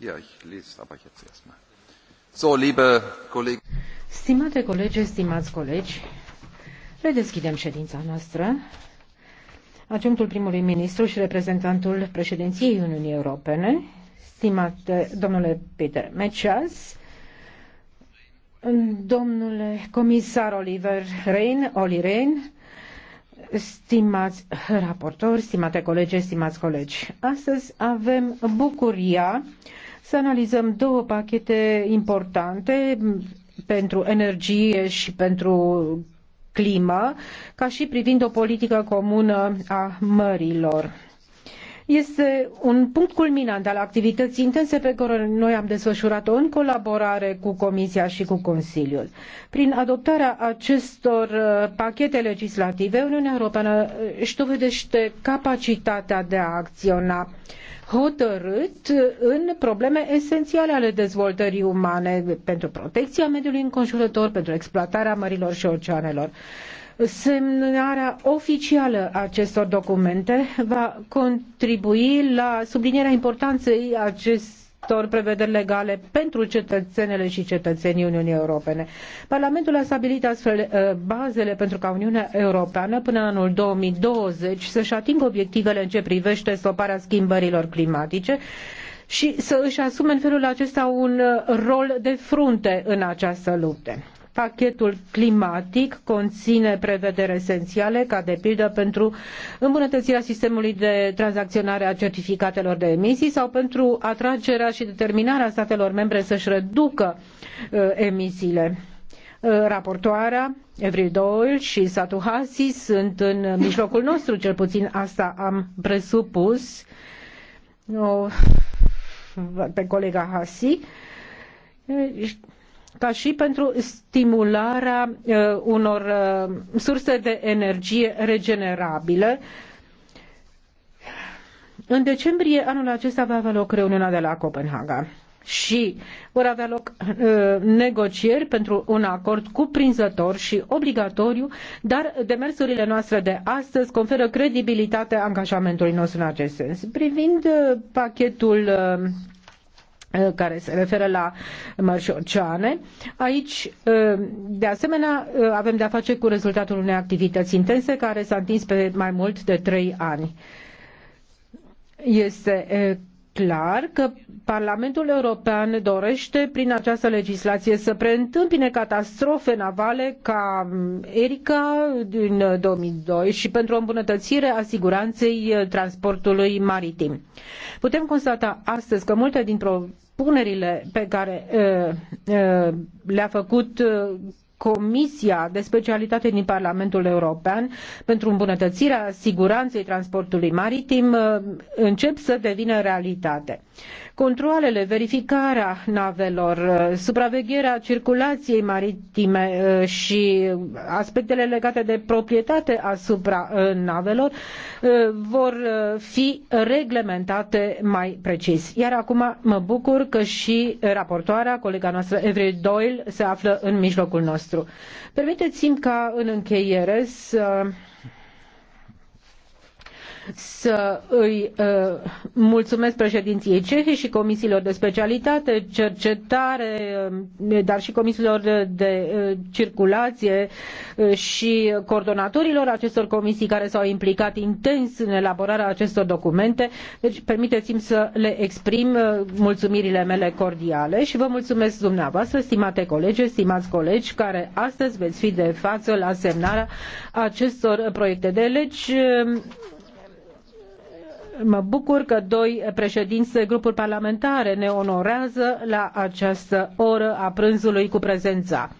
Ja, ich lese aber jetzt erstmal. So, liebe Kollegen. Stimate colegi, stimați colegi, redeschidem ședința noastră. Agentul primului ministru și reprezentantul președinției Uniunii Europene, stimate domnule Peter Mecias, domnule comisar Oliver Rein, Oli Rein, Stimați raportori, stimate colegi, stimați colegi, astăzi avem bucuria să analizăm două pachete importante pentru energie și pentru climă, ca și privind o politică comună a mărilor. Este un punct culminant al activității intense pe care noi am desfășurat-o în colaborare cu Comisia și cu Consiliul. Prin adoptarea acestor uh, pachete legislative, Uniunea Europeană uh, își dovedește capacitatea de a acționa uh, hotărât în probleme esențiale ale dezvoltării umane pentru protecția mediului înconjurător, pentru exploatarea mărilor și oceanelor. Semnarea oficială a acestor documente va contribui la sublinierea importanței acestor sector prevederi legale pentru cetățenele și cetățenii Uniunii Europene. Parlamentul a stabilit astfel uh, bazele pentru ca Uniunea Europeană până în anul 2020 să-și atingă obiectivele în ce privește stoparea schimbărilor climatice și să își asume în felul acesta un uh, rol de frunte în această luptă. Pachetul climatic conține prevederi esențiale, ca de pildă pentru îmbunătățirea sistemului de tranzacționare a certificatelor de emisii sau pentru atragerea și determinarea statelor membre să-și reducă uh, emisiile. Uh, raportoarea Avril Doyle și Satu Hasi sunt în mijlocul nostru, cel puțin asta am presupus o, pe colega Hasi ca și pentru stimularea uh, unor uh, surse de energie regenerabile. În decembrie anul acesta va avea loc reuniunea de la Copenhaga și vor avea loc uh, negocieri pentru un acord cuprinzător și obligatoriu, dar demersurile noastre de astăzi conferă credibilitate angajamentului nostru în acest sens. Privind uh, pachetul uh, Eh, care se referă la mărși oceane. Aici, eh, de asemenea, eh, avem de-a face cu rezultatul unei activități intense care s-a întins pe mai mult de trei ani. Este clar că Parlamentul European dorește prin această legislație să preîntâmpine catastrofe navale ca Erika din 2002 și pentru o îmbunătățire a siguranței transportului maritim. Putem constata astăzi că multe din propunerile pe care eh, eh, le-a făcut eh, Comisia de Specialitate din Parlamentul European pentru îmbunătățirea siguranței transportului maritim uh, încep să devină realitate. Controalele, verificarea navelor, uh, supravegherea circulației maritime uh, și aspectele legate de proprietate asupra navelor vor fi reglementate mai precis. Iar acum mă bucur că și raportoarea, colega noastră Evry Doyle, se află în mijlocul nostru nostru. Permiteți-mi ca în încheiere să să îi uh, mulțumesc președinției cehe și comisiilor de specialitate, cercetare, um, dar și comisiilor de, de uh, circulație uh, și coordonatorilor acestor comisii care s-au implicat intens în elaborarea acestor documente. Deci, permiteți-mi să le exprim uh, mulțumirile mele cordiale și vă mulțumesc dumneavoastră, stimate colegi, stimați colegi, care astăzi veți fi de față la semnarea acestor proiecte de legi um, Mă bucur că doi președinți de grupuri parlamentare ne onorează la această oră a prânzului cu prezența.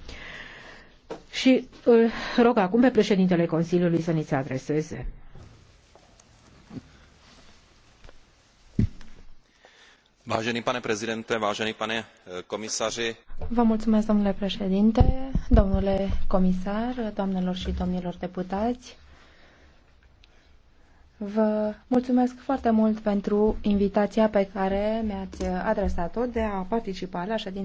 Și îl uh, rog acum pe președintele Consiliului să ni se adreseze. Vážený pane prezidente, vážený pane eh, komisaři. Vă mulțumesc, domnule președinte, domnule comisar, doamnelor și domnilor deputați. Vă mulțumesc foarte mult pentru invitația pe care mi-ați adresat-o de a participa la ședința